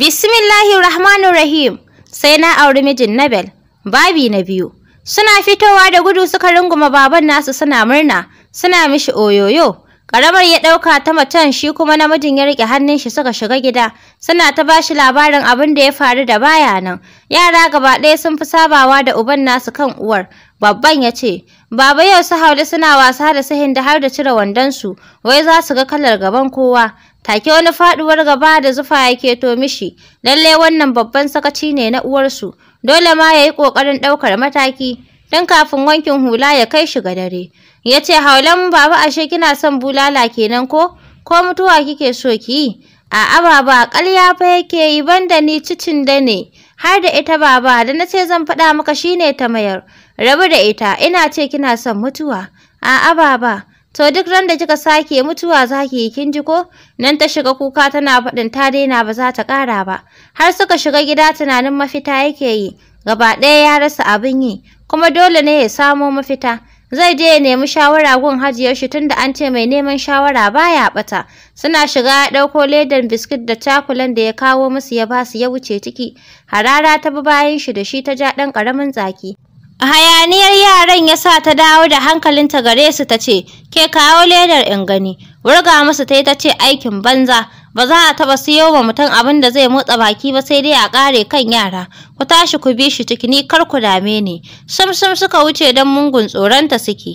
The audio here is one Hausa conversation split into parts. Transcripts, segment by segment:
rahim Sai na auri mijin Nabel, babi na biyu. Suna fitowa da gudu suka runguma baban nasu suna murna, suna mishi oyoyo. Karamar ya ɗauka ta macen shi kuma namijin ya rike hannun shi suka shiga gida, suna ta bashi labarin abin da ya faru da baya nan. Yara gaba ɗaya sun fi sabawa da uban nasu kan uwar. Babban ya ce, Baba yau su haule suna wasa da sahin da har da cire wandonsu, wai za su ga kalar gaban kowa. Take wani faɗuwar gaba da zufa yake to mishi, lalle wannan babban sakaci ne na uwarsu, dole ma yayi yi ƙoƙarin ɗaukar mataki, dan kafin wankin hula ya kai shi ga dare. yace haulan baba ashe kina son bulala kenan ko, ko mutuwa kike so ki a A'a baba, kalya fa yake yi banda ni cicin da ne, har da ita baba da nace zan faɗa maka shine ta mayar. Rabu da ita, ina ce kina son mutuwa. A'a baba, To duk ran da kika sake mutuwa zaki yi kin ji ko? Nan ta shiga kuka tana faɗin ta daina ba za ta kara ba. Har suka shiga gida tunanin mafita yake yi. Gaba ɗaya ya rasa abin yi, kuma dole ne ya samo mafita. Zai je ya nemi shawara gun hajiyar shi tunda an ce mai neman shawara baya ɓata. Suna shiga ya ɗauko ledan biskit da cakulan da ya kawo musu ya basu ya wuce ciki. Harara ta bi bayan shi da shi ta ja ɗan ƙaramin zaki Hayaniyar yaran ya sa ta dawo da hankalinta gare su ta ce, Ke kawo ledar in gani, wurga masu ta yi ta ce aikin banza, ba za a taɓa siyo ba mutum abin da zai motsa baki ba sai dai a ƙare kan yara, ku tashi ku bi shi cikini kar ku dame ni, sumsum suka wuce don mungun tsoronta suke.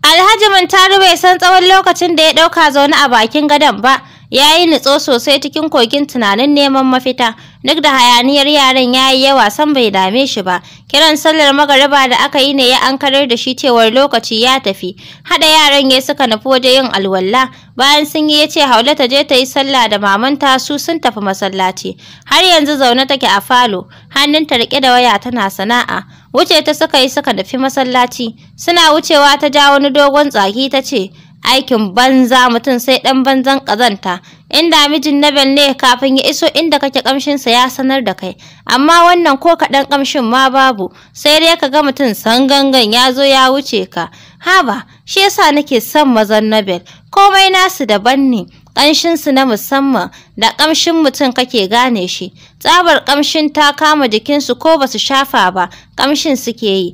Alhaji Muntaru bai san tsawon lokacin da ya ɗauka zaune a bakin gadon ba, ya yi nutso sosai cikin kogin tunanin neman mafita duk da hayaniyar yaran ya yi yawa san bai dame shi ba kiran sallar magariba da aka yi ne ya ankarar da shi cewar lokaci ya tafi hada yaran ya suka nufi waje yin alwala bayan sun yi ya ce haula ta je ta yi sallah da mamanta su sun tafi masallaci har yanzu zaune take a falo hannunta rike da waya tana sana'a wuce ta suka yi suka nufi masallaci suna wucewa ta ja wani dogon tsaki ta ce aikin banza mutum sai ɗan banzan ƙazanta inda mijin Nabel ne kafin ya iso inda kake ƙamshinsa ya sanar da kai amma wannan ko kaɗan ƙamshin ma babu sai dai ka ga mutum sangangan ya zo ya wuce ka haba shi yasa nake son mazan Nabel komai nasu daban ne ƙanshinsu na musamman da ƙamshin mutum kake gane shi tsabar ƙamshin ta kama jikinsu ko basu shafa ba ƙamshin suke yi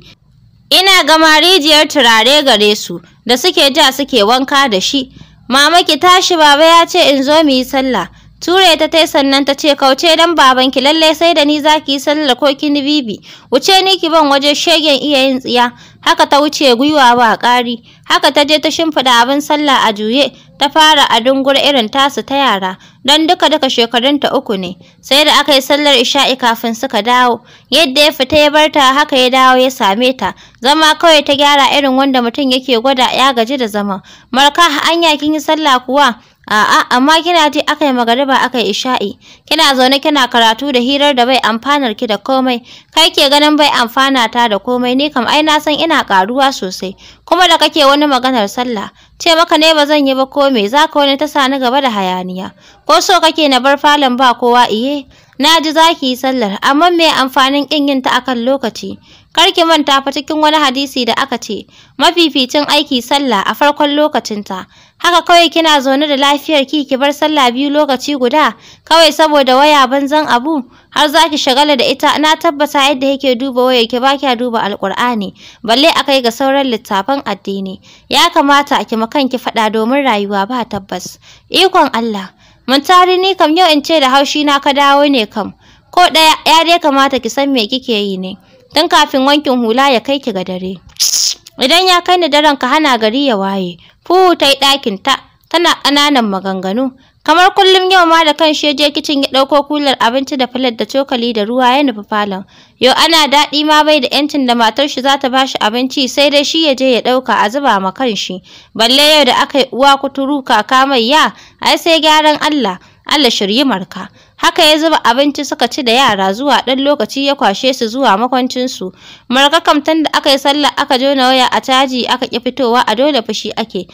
ina gama rijiyar turare gare su da suke ja suke wanka da shi mama ki tashi baba ya ce in zo mu yi sallah ture ta tai sannan ta ce kauce dan baban ki lalle sai da ni zaki yi sallah ko ki ni bibi wuce ni ki ban waje shegen iya yin tsiya haka ta wuce gwiwa ba ƙari haka ta je ta shimfiɗa abin sallah a juye ta fara a dungur irin tasu ta yara don duka duka shekarunta uku ne sai da aka yi sallar isha'i kafin suka dawo yadda ya fita ya barta haka ya dawo ya same ta zama kawai ta gyara irin wanda mutum yake gwada ya gaji da zama marka anya kin yi sallah kuwa A'a, amma kina ji aka yi magariba aka isha'i. Kina zaune kina karatu da hirar da bai amfanar ki da komai. Kai ke ganin bai amfana ta da komai ni kam ai na san ina karuwa sosai. Kuma da kake wani maganar sallah, ce maka ne ba zan yi ba ko me za ka wani ta sa ni gaba da hayaniya. Ko so kake na bar falon ba kowa iye? Na ji za ki yi sallar, amma me amfanin kin yin ta akan lokaci? Kar ki manta fa cikin wani hadisi da aka ce, mafificin aiki sallah a farkon lokacinta. haka kawai kina zaune da lafiyar ki ki bar sallah biyu lokaci guda kawai saboda waya banzan abu har za ki shagala da ita na tabbata yadda yake duba waya ki ba kya duba alkur'ani balle akai ga sauran littafan addini ya kamata ki makan ki faɗa domin rayuwa ba tabbas ikon Allah mun tari ni kam yau in ce da haushi na ka dawo ne kam ko ɗaya ya dai kamata ki san me kike yi ne tun kafin wankin hula ya kai ki ga dare idan ya kai ni daren ka hana gari ya waye Fuhu ta yi ɗakinta, tana ƙananan maganganu. Kamar kullum yau ma da kan shi je kicin ya ɗauko kular abinci da filat da cokali da ruwa ya nufi falon. Yau ana daɗi ma bai da ‘yancin da matar shi za ta ba shi abinci sai dai shi ya je ya ɗauka a zuba ma kan shi. Balle yau da aka yi uwa kuturu kaka mai ya, ai sai gyaran Allah, Allah shiryi marka. Haka ya zuba abinci suka ci da yara zuwa ɗan lokaci ya kwashe su zuwa makwancinsu. Markakam tun da aka yi sallah aka jona waya a caji aka ƙi fitowa a dole fushi ake.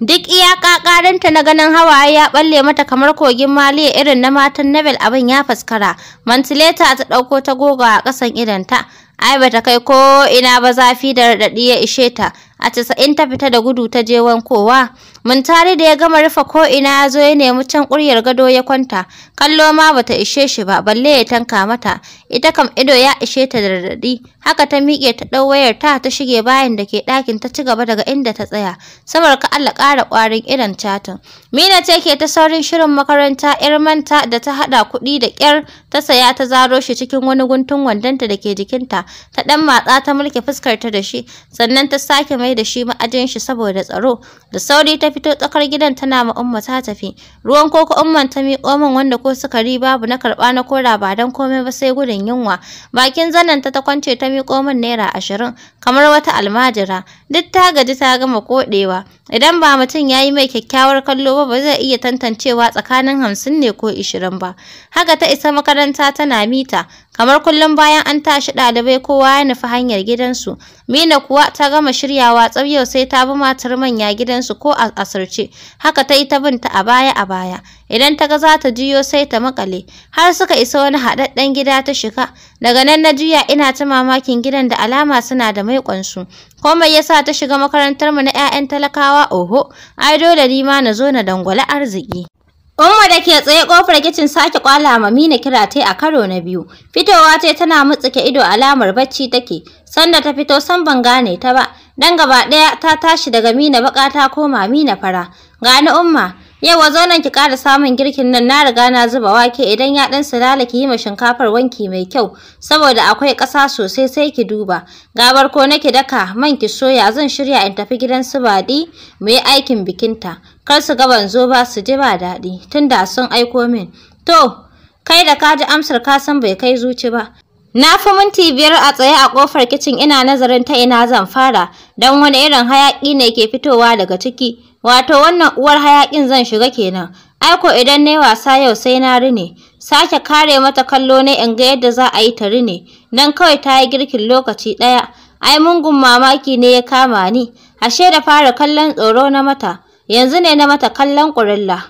Duk iyaka ƙarinta na ganin hawaye ya ɓalle mata kamar kogin maliya irin na matan Nobel abin ya faskara. Mantileta ta ɗauko ta goga a ƙasan idanta. Ai bata kai ko ina ba zafi da raɗaɗi ya ishe ta. a casa'in ta fita da gudu ta je wankowa. Mun Muntari da ya gama rufe ko ina ya zo ya nemi can ƙuryar gado ya kwanta, kallo ma bata ishe shi ba, balle ya tanka mata, ita kam ido ya ishe ta da radadi. haka ta miƙe ta ɗau wayar ta ta shige bayan da ke ɗakin ta ci gaba daga inda ta tsaya, samar ka Allah ƙara ƙwarin irin catin. Mina ce ke ta saurin shirin makaranta ‘yar manta da ta haɗa kuɗi da ƙyar ta saya ta zaro shi cikin wani guntun wandonta da ke jikinta, ta ɗan matsa ta mulke fuskarta da shi, sannan ta sake mai da shi ma'ajin shi saboda tsaro. Da sauri ta fito tsakar gidan tana ma umma ta tafi. Ruwan koko umman ta miƙo min wanda ko sukari babu na karɓa na kora ba don komai ba sai gudun yunwa. Bakin zanen ta ta kwance ta miƙo min naira ashirin kamar wata almajira. Duk ta gaji ta gama koɗewa. Idan ba mutum ya yi mai kyakkyawar kallo ba ba zai iya tantancewa tsakanin hamsin ne ko ishirin ba. Haka ta isa makaranta tana mita, Kamar kullum bayan an tashi ɗalibai kowa ya nufi hanyar gidansu. Mina kuwa ta gama shiryawa tsaf sai ta bi matar manya gidansu ko a asirce. Haka ta yi ta binta a baya a baya. Idan ta ga za ta juyo sai ta makale. Har suka isa wani haɗaɗɗen gida ta shiga. Daga nan na juya ina ta mamakin gidan da alama suna da maiƙonsu. Komai ya sa ta shiga makarantar mu na 'ya'yan talakawa oho. Ai dole ni ma na zo na dangwale arziki. Umma da ke tsaye kofar kicin sake kwala ma Mina kira tai a karo na biyu. Fitowa ce tana mutsuke ido alamar bacci take. Sanda ta fito san ban gane ta ba. Dan gaba daya ta tashi daga Mina baka ta koma Mina fara. Gani Umma, yau wazo nan ki ƙara samun girkin nan na riga na zuba wake idan ya dan sulala ki yi ma shinkafar wanki mai kyau saboda akwai ƙasa sosai sai ki duba. Ga barko nake daka man ki soya zan shirya in tafi gidan su baɗi mu yi aikin bikinta. kar su ga ban zo ba su ji ba daɗi tunda sun aiko min to kai da ka ji amsar ka san bai kai zuci ba na fi minti biyar a tsaye a kofar kicin ina nazarin ta ina zan fara don wani irin hayaƙi ne ke fitowa daga ciki wato wannan uwar hayaƙin zan shiga kenan aiko idan na wasa yau sai na rine sake kare mata kallo ne in ga yadda za a yi ta rine don kawai ta yi girkin lokaci ɗaya ai mungun mamaki ne ya kama ni ashe da fara kallon tsoro na mata yanzu ne na mata kallon ƙurilla.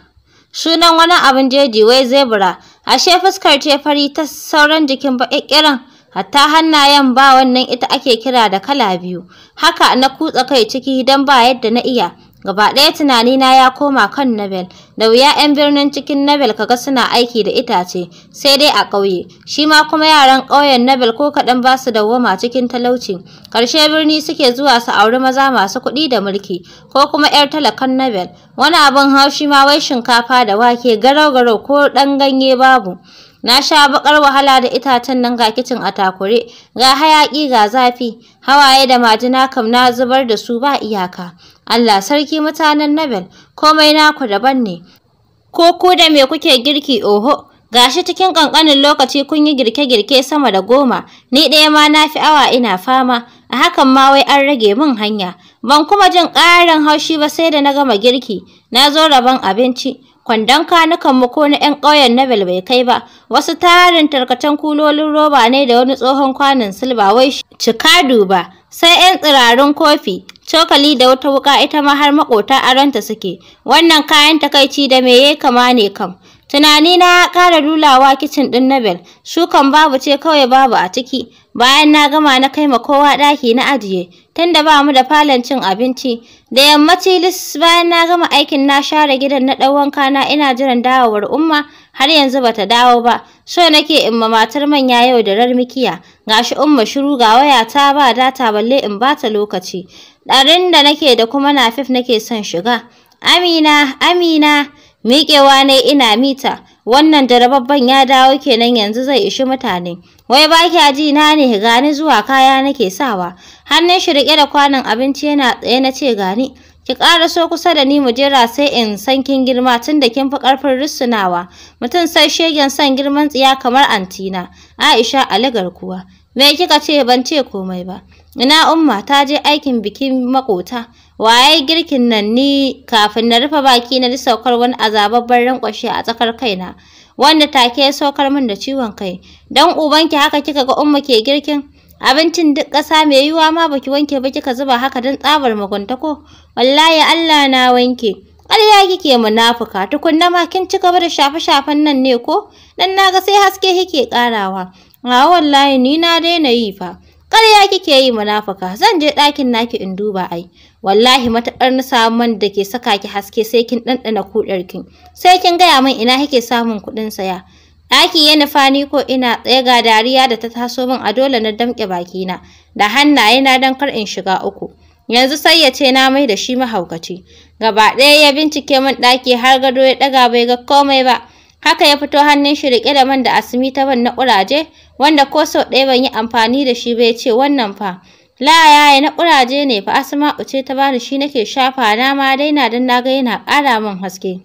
Sunan wani abin jeji wai zebra, ashe fuskar ce fari ta sauran jikin baƙiƙiran, hatta hannayen ba wannan ita ake kira da kala biyu. Haka na kutsa kai ciki don ba yadda na iya. Gaba ɗaya tunani na ya koma kan Nobel. Da wuya 'yan birnin cikin Nobel kaga suna aiki da itace, sai dai a ƙauye. Shi ma kuma yaran ƙauyen Nobel ko kaɗan ba su dawwama cikin talauci. Ƙarshe birni suke zuwa su auri maza masu kuɗi da mulki, ko kuma 'yar talakan Nobel. Wani abin haushi ma wai shinkafa da wake garau-garau ko ɗan ganye babu. Na sha bakar wahala da itacen nan ga kicin a takure, ga hayaƙi ga zafi, hawaye da majina kam na zubar da su ba iyaka. Allah sarki mutanen Na'bel. komai naku daban ne. Ko ku da me kuke girki oho, gashi cikin ƙanƙanin lokaci kun yi girke-girke sama da goma, ni ɗaya ma na fi awa ina fama, a hakan ma wai an rage min hanya. Ban kuma jin ƙarin haushi ba sai da na gama girki, na zo rabon abinci, kwandon kanukanmu ko na 'yan ƙauyen Na'bel bai kai ba, wasu tarin tarkacen kulolin roba ne da wani tsohon kwanin silba wai cikadu ba, sai 'yan tsirarun kofi, cokali da wata wuka ita ma har maƙota aronta suke. Wannan kayan takaici da me ya kama ne kam. Tunani na ya ƙara lulawa kicin ɗin Nobel, shukan babu ce kawai babu a ciki. Bayan na gama na kai ma kowa ɗaki na ajiye, tunda ba mu da falon cin abinci. Da yammaci lis bayan na gama aikin na share gidan na ɗan wanka na ina jiran dawowar Umma har yanzu bata dawo ba. So nake in ma matar manya yau da rarmikiya. gashi umma shiru ga waya ta ba data balle in bata lokaci ɗarin da nake da kuma nafif nake son shiga amina amina miƙewa ne ina mita wannan jarababban ya dawo kenan yanzu zai ishi mutane wai ba kya ji na ne gani zuwa kaya nake sawa hannun shi riƙe da kwanon abinci yana tsaye na ce gani Ki so kusa da ni mu jira sai in san kin girma tun da kin fi ƙarfin rissunawa. Mutum sai shegen son girman tsiya kamar antina. Aisha aligar kuwa. Me kika ce ban ce komai ba. Ina umma ta je aikin bikin makota. Waye girkin nan ni kafin na rufe baki na ji saukar wani azababban rankwashe a tsakar kaina. Wanda take ya saukar min da ciwon kai. Dan ubanki haka kika ga umma ke girkin? abincin duk ƙasa mai yiwuwa ma baki wanke ba kika zuba haka don tsabar mugunta ko wallahi Allah na wanke ƙarya kike munafuka tukunna ma kin ci gaba da shafe-shafen nan ne ko dan naga sai haske kike ƙarawa a wallahi ni na daina yi fa ƙarya kike yi munafuka zan je ɗakin naki in duba ai wallahi matuƙar na samu man da ke saka ki haske sai kin ɗanɗana kuɗar kin sai kin gaya min ina kike samun kuɗin saya Ɗaki ya nufa ni ko ina tsaye ga dariya da ta taso min a dole na damƙe bakina da hannaye na don kar in shiga uku. Yanzu sai ya ce na mai da shi mahaukaci. Gaba ɗaya ya bincike min ɗaki har gado ya ɗaga bai ga komai ba. Haka ya fito hannun shi riƙe da man da asimi ta ban na ƙuraje wanda ko sau ɗaya ban yi amfani da shi bai ce wannan fa. La yaya na ƙuraje ne fa Asma'u ce ta bani shi nake shafa na ma daina don na ga yana ƙara min haske.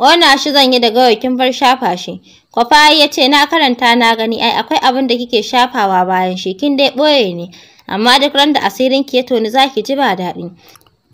wannan shi zan yi da gawayi kin bar shafa shi Kwafaya ya ce na karanta na gani ai akwai abin da kike shafawa bayan shi kin dai ɓoye ne amma duk ran da asirin ki ya toni za ki ji ba daɗi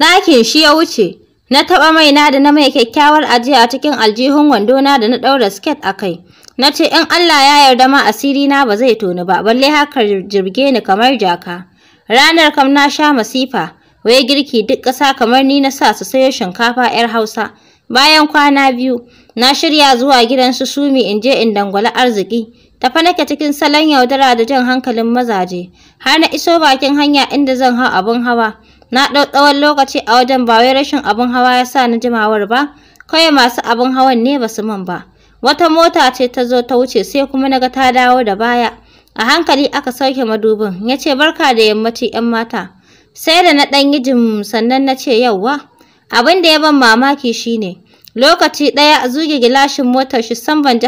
ɗakin shi ya wuce na taɓa mai na da na mai kyakkyawar ajiya cikin aljihun wando na da na ɗaura siket a kai na ce in Allah ya yarda ma asiri na ba zai toni ba balle haka jirge ni kamar jaka ranar kam na sha masifa wai girki duk ƙasa kamar ni na sa su sayo shinkafa 'yar hausa Bayan kwana biyu, na shirya zuwa gidan su Sumi in je in dangwala arziki. Tafa nake cikin salon yaudara da jan hankalin mazaje. Har na iso bakin hanya inda zan hau abin hawa. Na ɗau tsawon lokaci a wajen ba wai rashin abin hawa ya sa ni jimawar ba. Kawai masu abin hawan ne ba su min ba. Wata mota ce ta zo ta wuce sai kuma na ga ta dawo da baya. A hankali aka sauke madubin. Ya ce barka da yammaci 'yan mata. Sai da na ɗan yi jim sannan na ce yauwa. Abin da ya ban mamaki shine lokaci ɗaya a zuge gilashin motar shi san ban ji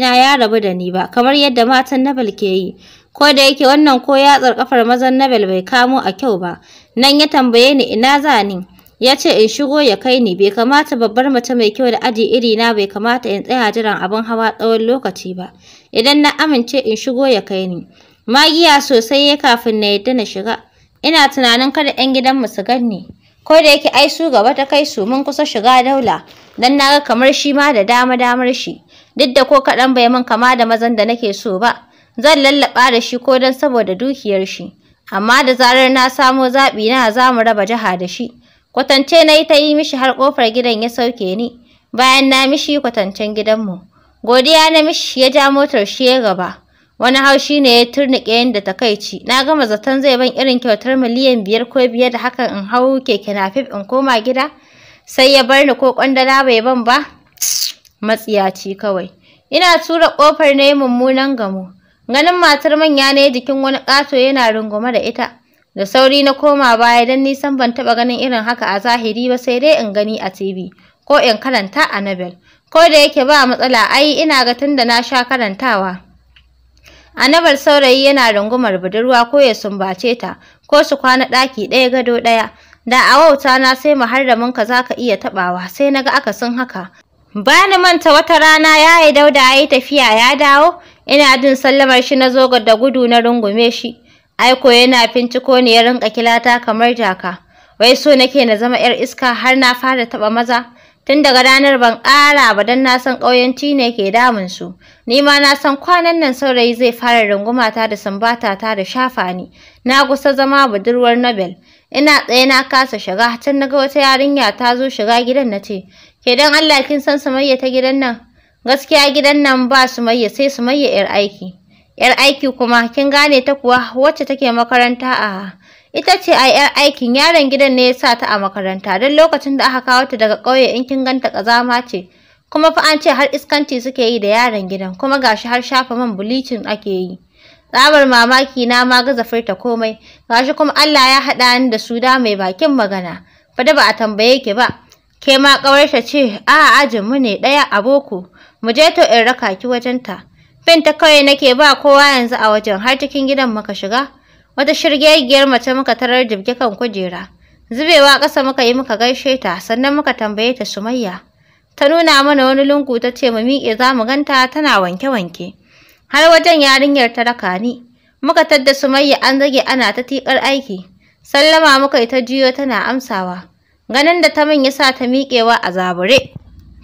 na ya rabu da ni ba kamar yadda matan Nabal ke yi. Ko da yake wannan ko yatsar kafar mazan Nabal bai kamo a kyau ba. Nan ya tambaye ni ina za ni. Ya ce in shigo ya kai ni bai kamata babbar mace mai kyau da aji iri na bai kamata in tsaya jiran abin hawa tsawon lokaci ba. Idan na amince in shigo ya kai ni. Magiya sosai ya kafin na yadda na shiga. Ina tunanin kada 'yan gidanmu su ganni. ko da yake ai su gaba ta kai su mun kusa shiga daula dan naga kamar shi ma da dama damar shi duk da ko kaɗan bai mun kama da mazan da nake so ba zan lallaɓa da shi ko dan saboda dukiyar shi amma da zarar na samo zaɓi na za mu raba jiha da shi kwatance na yi ta yi mishi har kofar gidan ya sauke ni bayan na mishi kwatancen gidanmu godiya na mishi ya ja motar shi ya gaba wani haushi ne ya turnike yadda takaici na gama zaton zai ban irin kyautar miliyan biyar ko biyar da hakan in hau keke fif in koma gida sai ya bar ni ko kwandala bai ban ba matsiyaci kawai ina tura kofar ne mummunan gamo ganin matar manya ne jikin wani ƙato yana rungume da ita da sauri na koma baya don nisan ban taba ganin irin haka a zahiri ba sai dai in gani a tv ko in karanta a nobel ko da yake ba matsala ai ina ga tun da na sha karantawa Anabar saurayi yana rungumar budurwa ko ya sumbace ta ko su kwana ɗaki ɗaya gado ɗaya. Da a wauta na sai muharramin za ka iya taɓawa sai na ga sun haka. Bani manta wata rana ya dauda ya yi tafiya ya dawo, ina jin sallamar shi na zo da gudu na rungume shi. Ai Aiko yana finciko ne ya rinka kilata kamar jaka. Wai so nake na zama ‘yar iska har na fara taɓa maza. Tun daga ranar ban ƙara ba don na san ƙauyanci ne ke damun su. Ni ma na san kwanan nan saurayi zai fara rungumata da sumbata ta da shafa ni. Na gusa zama budurwar Nobel. Ina tsaye na kasa shiga tun naga wata yarinya ta zo shiga gidan na ce, "Ke don Allah kin san Sumayya ta gidan nan?" Gaskiya gidan nan ba Sumayya sai Sumayya 'yar aiki. 'Yar aiki kuma kin gane ta kuwa wacce take makaranta a Ita ce a ‘yar aikin yaron gidan ne ya sa ta a makaranta don lokacin da aka kawo ta daga ƙauye in kin ganta ƙazama ce. Kuma fa an ce har iskanci suke yi da yaron gidan kuma gashi har shafa man bulicin ake yi. Tsabar mamaki na ma gaza furta komai gashi kuma Allah ya haɗa ni da su da mai bakin magana. Fa da ba a tambaye ki ba. Ke ma ƙawarta ce a ajin mu ne ɗaya a boko. Mu je to in raka ki wajenta. ta kawai nake ba kowa yanzu a wajen har cikin gidan muka shiga. Wata shirgegiyar mace muka tarar jibge kan kujera. Zubewa ƙasa muka yi muka gaishe ta, sannan muka tambaye ta Sumayya. Ta nuna mana wani lungu ta ce mu miƙe za mu ganta tana wanke-wanke. Har wajen yarinyar ta raka ni. Muka tadda Sumayya an zage ana ta tiƙar aiki. Sallama muka yi ta jiyo tana amsawa. Ganin da ta min yasa ta miƙewa a zabure.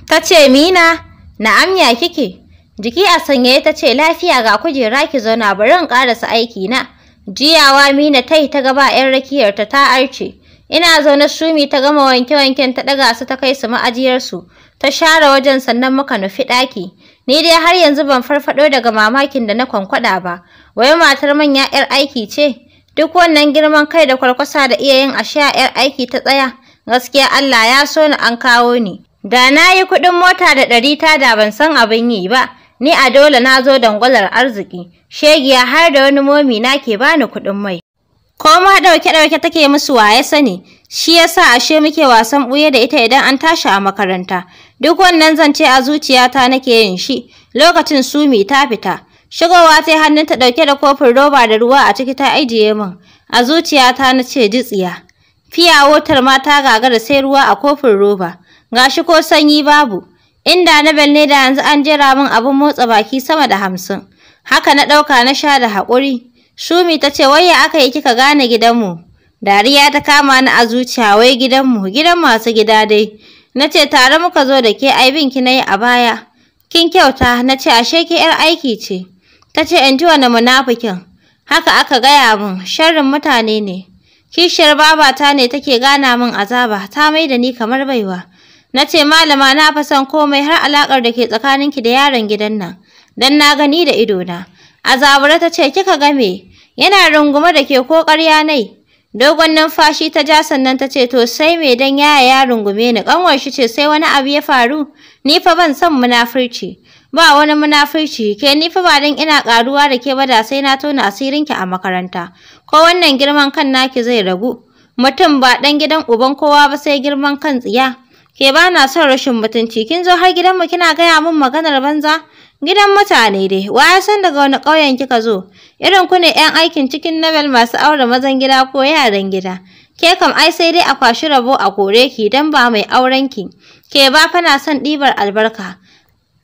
Ta ce Mina, na ya kike? Jiki a sanyaye ta ce lafiya ga kujera ki zauna bari in ƙarasa aiki na. Jiyawa Mina ta yi ta gaba 'yan rakiyarta ta arce. Ina zaune shumi ta gama wanke-wanken ta ɗaga su ta kai su ma'ajiyarsu. Ta share wajen sannan muka nufi ɗaki. Ni dai har yanzu ban farfaɗo daga mamakin da na kwankwaɗa ba. Wai matar manya 'yar aiki ce? Duk wannan girman kai da kwarkwasa da iya yin ashe a 'yar aiki ta tsaya. Gaskiya Allah ya so ni an kawo ni. Da na yi kuɗin mota da ɗari ta da ban san abin yi ba. Ni a dole na zo dangwalar arziki, shegiya har da wani momi na ke bani kuɗin mai. Ko ma ɗauke-ɗauke take musu waye sani, shi yasa ashe muke wasan ɓuya da ita idan an tashi a makaranta. Duk wannan zance a zuciyata nake yin shi, lokacin sumi ta fita. Shigowa sai hannunta ɗauke da kofin roba da ruwa a ciki ta ajiye min. A zuciyata na ce jitsiya. Fiya wotar ma ta gagara sai ruwa a kofin roba. Gashi ko sanyi babu. Inda na ne da yanzu an jera min abin motsa baki sama da hamsin. Haka na ɗauka na sha da haƙuri. Shumi ta ce wai aka yi kika gane gidanmu. Dariya ta kama ni a zuciya wai gidanmu, gidan masu gida dai. Na ce tare muka zo da ke ai bin ki na yi a baya. Kin kyauta na ce ashe ki ‘yar aiki ce. Ta ce in ji wani munafikin. Haka aka gaya min sharrin mutane ne. Kishiyar babata ne take gana min azaba ta mai da ni kamar baiwa. Na ce malama na fa san komai har alakar da ke ki da yaron gidan nan, dan na gani da ido na Azabura ta ce kika ga me? Yana runguma da ke ko ƙarya nai. Dogon numfashi ta ja sannan ta ce to sai me dan yaya ya rungume ni kanwar shi ce sai wani abu ya faru. Ni fa ban son munafurci. Ba wani munafurci ke ni fa ba dan ina ƙaruwa da ke bada sai na tona asirin ki a makaranta. Ko wannan girman kan naki zai ragu. Mutum ba dan gidan uban kowa ba sai girman kan tsiya. Ke ba na son rashin mutunci, kin zo har gidanmu kina gaya min maganar banza? Gidan mutane dai, wa ya san daga wani ƙauyen kika zo? Irin ku ne 'yan aikin cikin nabel masu aure mazan gida ko yaran gida. Ke kam ai sai dai a kwashi rabo a kore ki dan ba mai auren ki. Ke ba fa na son ɗibar albarka.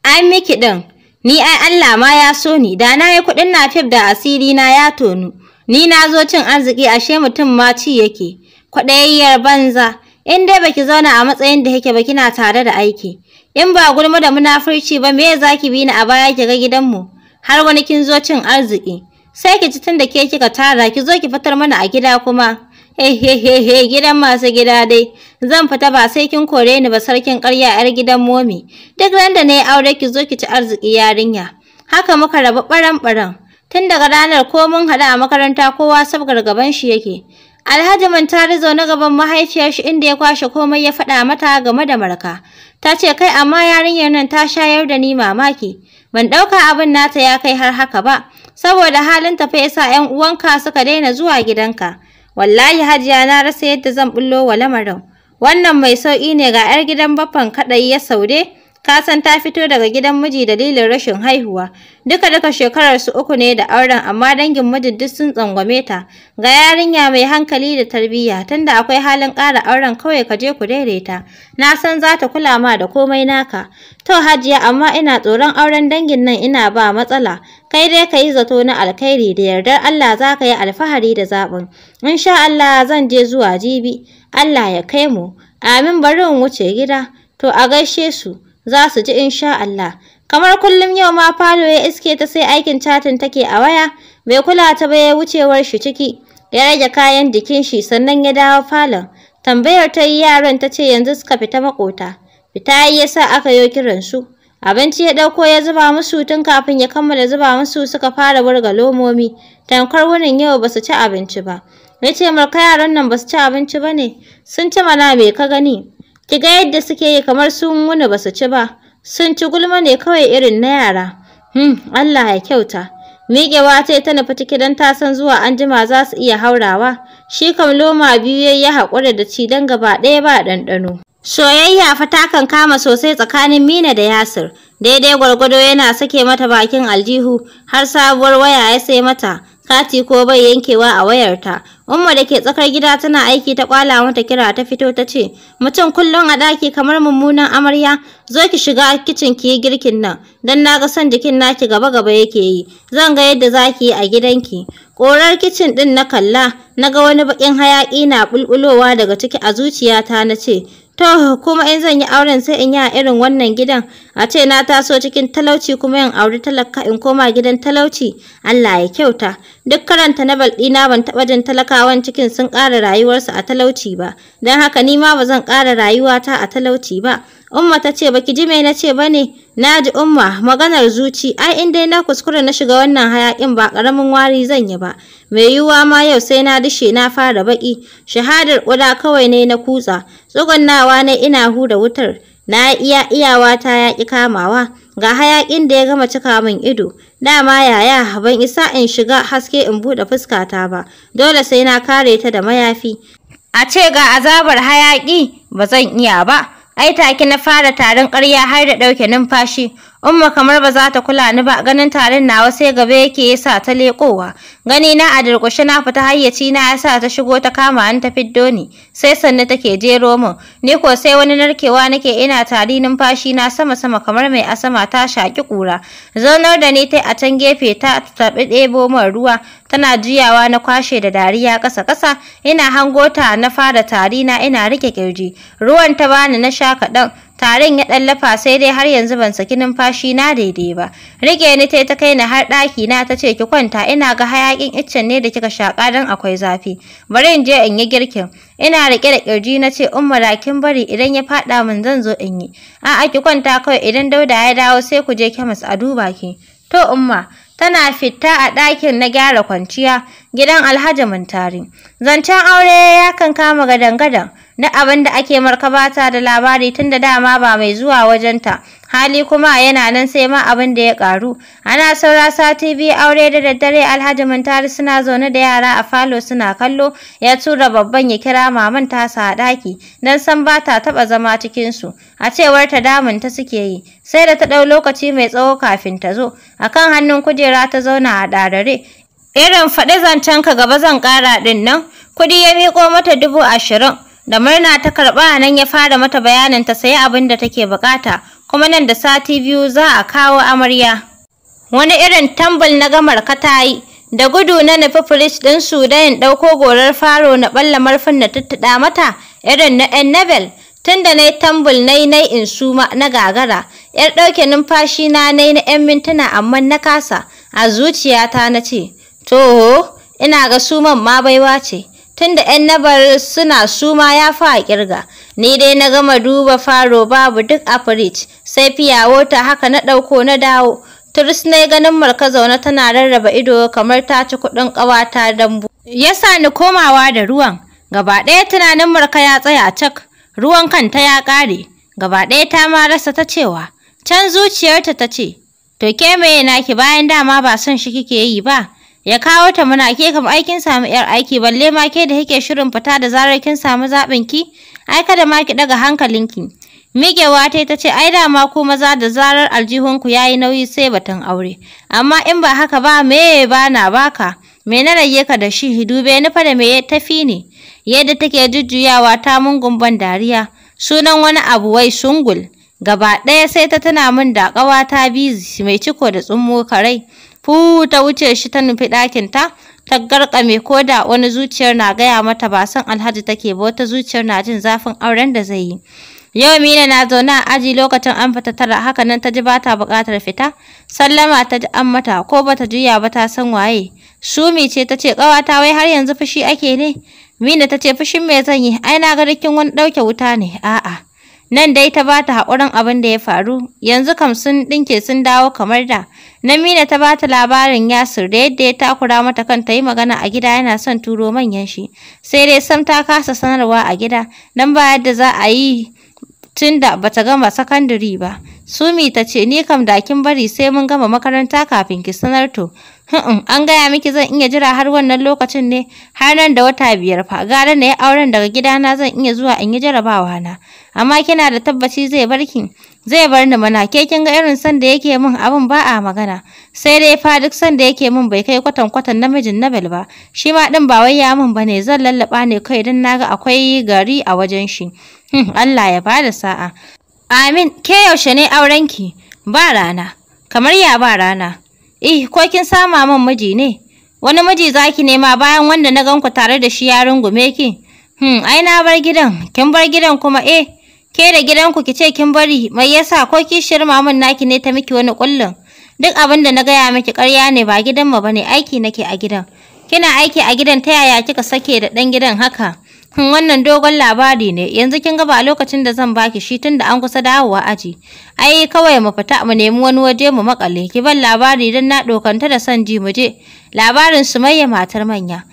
Ai miki ɗin, ni ai Allah ma ya so ni, da na yi kuɗin na fif da asiri na ya tonu. Ni na zo cin arziki ashe mutum ma ci yake. Kwaɗayayyar banza. In dai baki zauna a matsayin da yake ba kina tare da aiki. In ba gulma da munafurci ba me zaki bi ni a baya ki ga gidanmu? Har wani kin zo cin arziki. Sai ki ci tun da ke kika tara ki zo ki fitar mana a gida kuma. Hehehehe gidan masu gida dai. Zan fita ba sai kin kore ni ba sarkin ƙarya 'yar gidan momi. Duk ran da yi aure ki zo ki ci arziki yarinya. Haka muka rabu ɓaran-ɓaran. Tun daga ranar ko mun haɗu a makaranta kowa sabgar gaban shi yake. Alhaji Mantari zaune gaban mahaifiyar shi inda ya kwashe komai ya faɗa mata game da Marka. Ta ce kai amma yarinyar nan ta shayar da ni mamaki. Ban ɗauka abin nata ya kai har haka ba, saboda halin tafe yasa ‘yan uwanka suka daina zuwa gidanka. Wallahi hajiya na rasa yadda zan bullo wa lamarin. Wannan mai sauƙi ne ga ‘yar gidan baffan kaɗai ya saude, Ka san ta fito daga gidan miji dalilin rashin haihuwa. Duka duka shekarar su uku ne da auren amma dangin mijin duk sun tsangwame ta. Ga yarinya mai hankali da tarbiyya tunda akwai halin ƙara auren kawai ka je ku daidaita. Na san za ta kula ma da komai naka. To Hajiya amma ina tsoron auren dangin nan ina ba matsala. Kai dai ka yi zato na alkhairi da yardar Allah za ka yi alfahari da zaɓin. in sha Allah zan je zuwa jibi. Allah ya kai mu. Amin bari in wuce gida. To a gaishe su. za su ji insha Allah. Kamar kullum yau ma falo ya iske ta sai aikin catin take a waya, bai kula ta ba ya wucewar shi ciki, ya rage kayan jikin shi sannan ya dawo falon. Tambayar ta yi yaran ta ce yanzu suka fita makota. Fita yi ya sa aka yo kiran su. Abinci ya ɗauko ya zuba musu tun kafin ya kammala zuba musu suka fara burga lomomi. Tankar wurin yau ba su ci abinci ba. Ya ce marka yaran nan ba su ci abinci ba ne. Sun ci mana me ka gani. Ki yadda suke yi kamar sun wuni ba su ci ba, sun ci gulma ne kawai irin na yara. Hmm, Allah ya kyauta. Miƙewa ta ta nufi ciki don ta san zuwa anjima za su iya haurawa, shi kam loma biyu ya yi haƙura da ci don gaba ɗaya ba ɗanɗano. Soyayya fa ta kan kama sosai tsakanin Mina da Yasir, daidai gwargwado yana sake mata bakin aljihu har sabuwar waya ya sai mata, kati ko bai yankewa a wayarta. Umma da ke tsakar gida tana aiki ta kwala mata kira ta fito ta ce, "Mutum kullum a daki kamar mummunan amarya, zo ki shiga kicin ki yi girkin nan, don na ga son jikin naki gaba-gaba yake yi, zan ga yadda za ki yi a gidanki." korar kicin ɗin na kalla, na ga wani bakin hayaƙi na bulbulowa daga ciki a zuciyata na ce, To, kuma in zan yi auren sai in yi a irin wannan gidan, a ce na taso cikin talauci kuma yin auri talaka in koma gidan talauci Allah ya kyauta duk karanta na na ban taɓa jin talakawan cikin sun ƙara rayuwarsu a talauci ba don haka ni ma ba zan ƙara rayuwata a talauci ba umma ta ce baki ji me na ce ba ne na ji umma maganar zuci ai in dai na kuskure na shiga wannan hayaƙin ba ƙaramin wari zan yi ba mai yiwuwa ma yau sai na dishe na fara baƙi shahadar ƙuda kawai ne na kutsa tsugunnawa ne ina hura wutar na iya iyawa ta yaƙi kamawa ga hayaƙin da ya gama cika min ido dama yaya ban isa in shiga haske in buɗe fuskata ba dole sai na kare ta da mayafi a ce ga azabar hayaƙi ba zan iya ba ai take na fara tarin ƙarya har da ɗauke numfashi Umma kamar ba za ta kula ni ba ganin tarin nawa sai gaba yake yasa ta leƙowa. Gani na a durƙushe na fita hayyaci na yasa ta shigo ta kama an ta fiddo ni. Sai sannu take jero min. Ni ko sai wani narkewa nake ina tari numfashi na sama sama kamar mai asama ta shaki ƙura. Zaunar da ni tai a can gefe ta tabi ɗebo min ruwa. Tana jiyawa na kwashe da dariya ƙasa ƙasa. Ina hangota na fara tari na ina rike ƙirji. Ruwan ta bani na sha kaɗan. Taron ya ɗallafa sai dai har yanzu ban saki numfashi na daidai ba. Rike ni tai ta kai ni har ɗaki na ta ce ki kwanta ina ga hayaƙin iccen ne da kika shaƙa don akwai zafi. Bari in je in yi girkin. Ina riƙe da ƙirji na ce umma da bari idan ya faɗa min zan zo in yi. A'a ki kwanta kawai idan Dauda ya dawo sai ku je kemis a duba ki. To umma tana fita a ɗakin na gyara kwanciya gidan Alhaji Muntari. Zancen aure ya kan kama gadan-gadan, abin da ake markabata da labari tun da dama ba mai zuwa wajenta, hali kuma yana nan sai ma abin da ya ƙaru. Ana saura sati biyu aure da daddare Alhaji Muntari suna zaune da yara a falo suna kallo, ya tura babban ya kira maman sa a ɗaki, don san ba ta taɓa zama cikin su A cewar ta damun ta suke yi, sai da ta ɗau lokaci mai tsawo kafin ta zo, akan hannun kujera ta zauna a ɗarare, Irin faɗi zancen ka gaba zan ƙara ɗin nan, kuɗi ya miƙo mata dubu ashirin. Da murna ta karɓa a nan ya fara mata bayanin ta sayi abin da take buƙata, kuma nan da sati biyu za a kawo amarya. Wani irin tambul na gamar ka ta yi, da gudu na nufi firij ɗin su Sudan ɗauko gorar faro na ɓalla marfin na tuttuɗa mata irin na ‘yan Nebel, Tun da na yi tambul na yi nai in suma na gagara, ‘yar ɗauke numfashi na na na ‘yan mintuna amma na kasa, a zuciyata na ce, Toho, ina ga suman ma baiwa ce, tunda ‘yan nabar suna suma ya fa kirga, ni dai na gama duba faro babu duk a firij, sai fiyawo ta haka na ɗauko na dawo. Turis na ganin marka zaune tana rarraba ido kamar ta ci kuɗin ƙawata dambu. Ya sa ni komawa da ruwan, gaba ɗaya tunanin marka ya tsaya cak, ruwan kanta ya ƙare, gaba ɗaya ta ma rasa ta cewa. Can zuciyarta ta ce, To ke mai naki bayan dama ba son shi kike yi ba, ya kawo ta muna ke kam aikin samu yar aiki balle ma ke da kike shirin fita da zarar kin samu zaɓin ki ai kada ma ki daga ki migewa ta ta ce ai dama ku maza da zarar aljihun ku yayi nauyi sai batun aure amma in ba haka ba me ba na baka me na rage ka da shi dube ni fa da me ya tafi ne yadda take jujjuyawa ta mungun ban dariya sunan wani abu wai sungul gaba ɗaya sai ta tana min da ƙawata bizi mai ciko da tsummo karai fu ta wuce shi ta nufi ɗakin ta ta garkame ko da wani zuciyar na gaya mata ba san alhaji take ba wata zuciyar na jin zafin auren da zai yi yau mina na zaune a aji lokacin an fita tara haka nan ta ji ba ta buƙatar fita sallama ta ji an mata ko ba ta juya ba ta san waye Sumi ce ta ce ƙawata wai har yanzu fushi ake ne mina ta ce fushin me zan yi ai na ga rikin wani ɗauke wuta ne a'a Nan dai ta ba ta haƙurin abin da ya faru, yanzu kam sun ɗinke sun dawo kamar da. Namina ta ba ta labarin Yasir da yadda ya takura mata kan ta yi magana a gida yana son turo manyan shi. Sai dai Sam ta kasa sanarwa a gida, don ba yadda za a yi tun da ba ta gama sakandare ba. Sumi ta ce, Ni kam da kin bari sai mun gama makaranta kafin ki sanar to, H'un, an gaya miki zan iya jira har wannan lokacin ne, har nan da wata biyar fa, gara na yi auren daga gidana zan iya zuwa in yi jarabawa na. Amma kina da tabbaci zai bar zai bar ni mana, ke kin ga irin san da yake min abin ba a magana. Sai dai fa duk san da yake min bai kai kwatan kwatan namijin Nabel ba, shi ma din ba wai ya min bane zan lallaba ne kai dan naga akwai gari a wajen shi. Allah ya bada sa'a. Amin, ke yaushe ne aurenki? Ba rana, kamar ya ba rana. Eh, ko kin sama min miji ne? Wani miji zaki nema bayan wanda na ganku tare da shi ya rungume ki? Hmm, ai na bar gidan, kin bar gidan kuma eh, ke da gidanku ki ce kin bari, mai yasa ko ki shirma min naki ne ta miki wani kullun? Duk abin da na gaya miki ƙarya ne ba gidan gidanmu bane, aiki nake a gidan. Kina aiki a gidan ta yaya kika sake da ɗan gidan haka? Hmm, wannan dogon labari ne yanzu kin gaba ba lokacin da zan baki shi tun da an kusa dawowa aji ai kawai mu fita mu nemi wani waje mu makale ki ban labari dan na dokanta da son ji mu je labarin Sumayya matar manya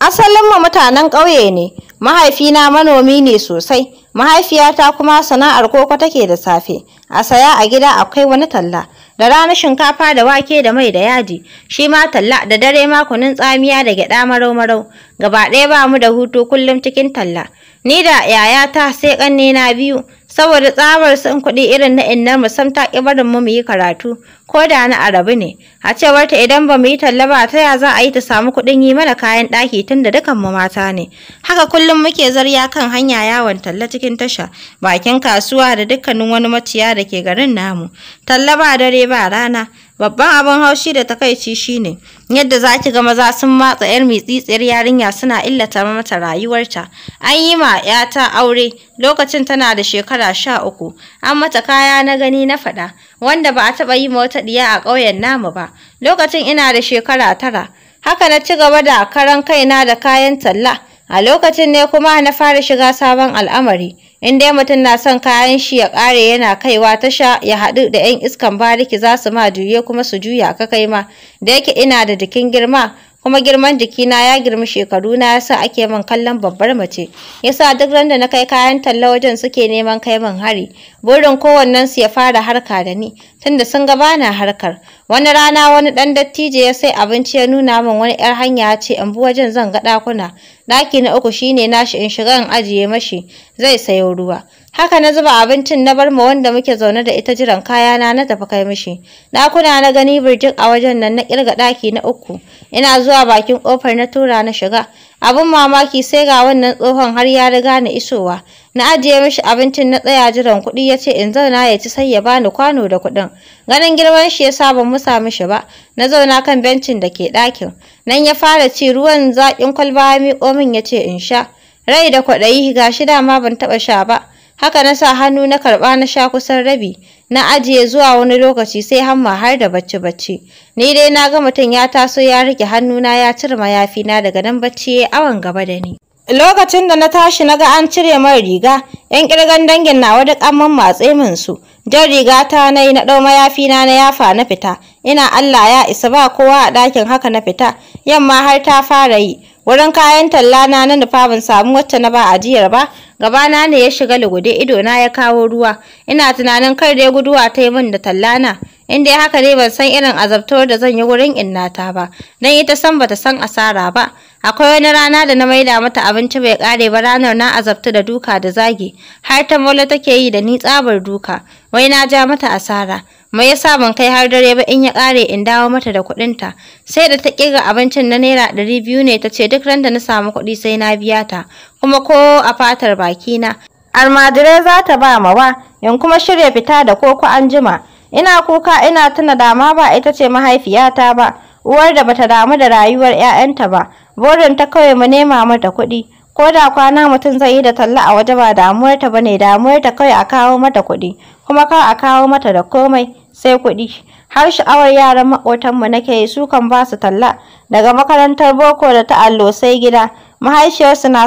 Asalinmu mutanen ƙauye ne, mahaifina manomi ne sosai, mahaifiyata kuma sana'ar koko take da safe, a saya a gida akwai wani talla, da rana shinkafa da wake da mai da yaji, shi ma talla da dare ma tsamiya da gyaɗa marau-marau, gaba ɗaya ba mu da hutu kullum cikin talla. Ni da yayata sai na biyu, saboda tsabar sun kuɗi irin na innar mu sam ta ƙi barin mu mu yi karatu, ko da na arabu ne a cewarta idan ba mu yi talla ba ta ya za a yi ta samu kuɗin yi mana kayan ɗaki tun da dukan mu mata ne haka kullum muke zarya kan hanya yawon talla cikin tasha bakin kasuwa da dukkanin wani maciya da ke garin namu talla ba dare ba rana babban abin haushi da takaici shine yadda za ki ga maza sun matsa yar mitsitsiyar yarinya suna illata mata rayuwarta an yi ma yata aure lokacin tana da shekara sha uku an mata kaya na gani na faɗa wanda ba a taɓa yi ma wata ɗiya a ƙauyen namu ba lokacin ina da shekara tara haka na ci gaba da karan kaina da kayan talla a lokacin ne kuma na fara shiga sabon al'amari in dai mutum na son kayan shi ya ƙare yana kaiwa ta sha ya haɗu da 'yan iskan bariki za su ma juye kuma su juya ka kai ma da yake ina da jikin girma kuma girman jikina ya girmi shekaru na yasa ake min kallon babbar mace yasa duk randa na kai kayan talla wajen suke neman kai min hari burin kowannensu ya fara harka da ni tunda sun ga bana harkar wani rana wani ɗan dattijo ya sai abinci ya nuna min wani yar hanya ya ce in bi wajen zan ga ɗakuna ɗaki na uku shine nashi in shiga in ajiye mashi zai sayo ruwa haka na zuba abincin na bar ma wanda muke zaune da ita jiran kayana na tafi kai mishi ɗakuna na gani birjik a wajen nan na kirga ɗaki na uku ina zuwa bakin kofar na tura na shiga abin mamaki sai ga wannan tsohon har ya riga na isowa na ajiye mishi abincin na tsaya jiran kuɗi ya ce in zauna ya ci sai ya bani kwano da kuɗin ganin girman shi ya sa mu musa shi ba na zauna kan bencin da ke ɗakin nan ya fara ci ruwan zaƙin kwalba ya miƙo min ya ce in sha rai da kwaɗayi ga shi dama ban taɓa sha ba haka na sa hannu na karɓa na sha kusan rabi na ajiye zuwa wani lokaci sai hamma har da bacci bacci ni dai na ga mutum ya taso ya riƙe hannuna ya cirma yafi na daga nan bacci ya awan gaba da ni Lokacin da na tashi na ga an cire mar riga, ‘yan kirgan dangin na duk an mammatse min su. Jan riga ta na yi na ɗau mayafi na na yafa na fita. Ina Allah ya isa ba kowa a ɗakin haka na fita. Yamma har ta fara yi. Wurin kayan talla na na nufa ban samu wacce na ba ajiyar ba. Gabana ne ya shiga lugude ido na ya kawo ruwa. Ina tunanin kar dai guduwa ta yi min da talla na. in dai haka dai ban san irin azabtar da zan yi wurin innata ba dan ita san bata san asara ba akwai wani rana da na maida mata abinci bai kare ba ranar na azabta da duka da zagi har ta mola take yi da ni tsabar duka wai na ja mata asara mai yasa ban kai har dare ba in ya kare in dawo mata da kuɗinta sai da ta kiga abincin na naira ɗari biyu ne ta ce duk ran da na samu kuɗi sai na biya ta kuma ko a fatar bakina almadirai za ta ba mawa in kuma shirya fita da koko an jima Ina kuka ina tuna dama ba ita ce mahaifiyata ba, uwar da bata damu da rayuwar 'ya'yanta ba, burin ta kawai mu nema mata kuɗi. Ko da kwana mutum zai yi da talla a waje ba damuwar ta bane damuwar ta kawai a kawo mata kuɗi, kuma kar a kawo mata da komai sai kuɗi. Har sha'awar yaran maƙotanmu nake yi su kan ba su talla, daga makarantar boko da ta allo sai gida. Mahaifiyarsu na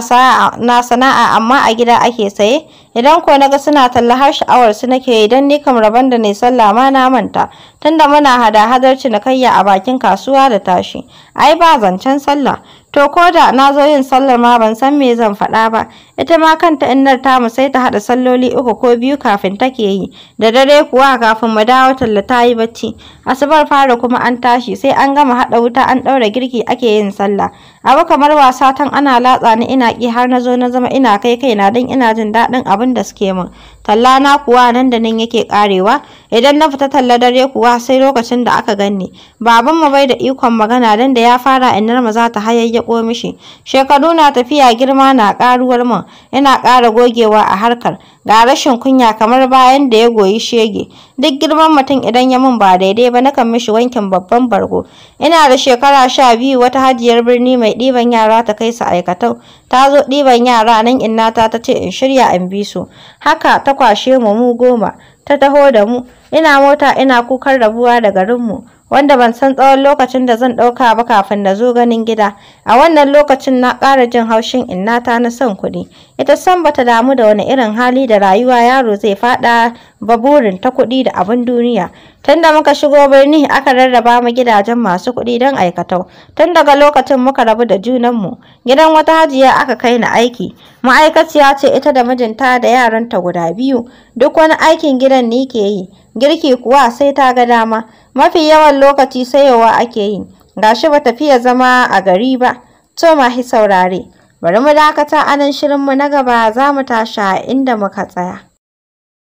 sana'a amma a gida ake saye, idan ko naga suna talla har sha'awar su nake idan ni kam rabon da ne sallah ma na manta tunda muna hada hadar cinikayya a bakin kasuwa da tashi ai ba zancen sallah to ko da na zo yin sallar ma ban san me zan faɗa ba ita ma kanta innar ta mu sai ta haɗa salloli uku ko biyu kafin take yi da dare kuwa kafin mu dawo talla ta yi bacci asabar fara kuma an tashi sai an gama haɗa wuta an ɗaura girki ake yin sallah abu kamar wasa tan ana latsa ni ina ƙi har na zo na zama ina kai kaina don ina jin daɗin abu abin da suke min talla na kuwa nan da nan yake karewa idan na fita talla dare kuwa sai lokacin da aka ganni baban mu bai da ikon magana dan da ya fara innar ma za ta hayayyako mishi shekaru na tafiya girma na karuwar mun ina ƙara gogewa a harkar ga rashin kunya kamar bayan da ya goyi shege duk girman mutum idan ya mun ba daidai ba nakan mishi wankin babban bargo ina da shekara sha biyu wata hajiyar birni mai ɗiban yara ta kai su aikatau ta zo ɗiban yara nan innata ta ce in shirya in bi su haka ta kwashe mu mu goma ta taho da mu ina mota ina kukan rabuwa da garinmu wanda ban san tsawon lokacin da zan ɗauka ba kafin na zo ganin gida. A wannan lokacin na ƙara jin haushin innata na son kuɗi. Ita san bata damu da wani irin hali da rayuwa yaro zai faɗa ba burin ta kuɗi da abin duniya. Tunda muka shigo birni aka rarraba mu gidajen masu kuɗi don aikatau. Tun daga lokacin muka rabu da junanmu. Gidan wata hajiya aka kai ni aiki. Ma'aikaciya ce ita da mijinta da yaranta guda biyu. Duk wani aikin gidan ni ke yi. Girki kuwa sai ta ga dama. Mafi yawan lokaci sayowa ake yi. ga shi ba tafiya zama a gari ba. To hi saurare. Bari mu dakata anan shirinmu na gaba za mu tashi inda muka tsaya.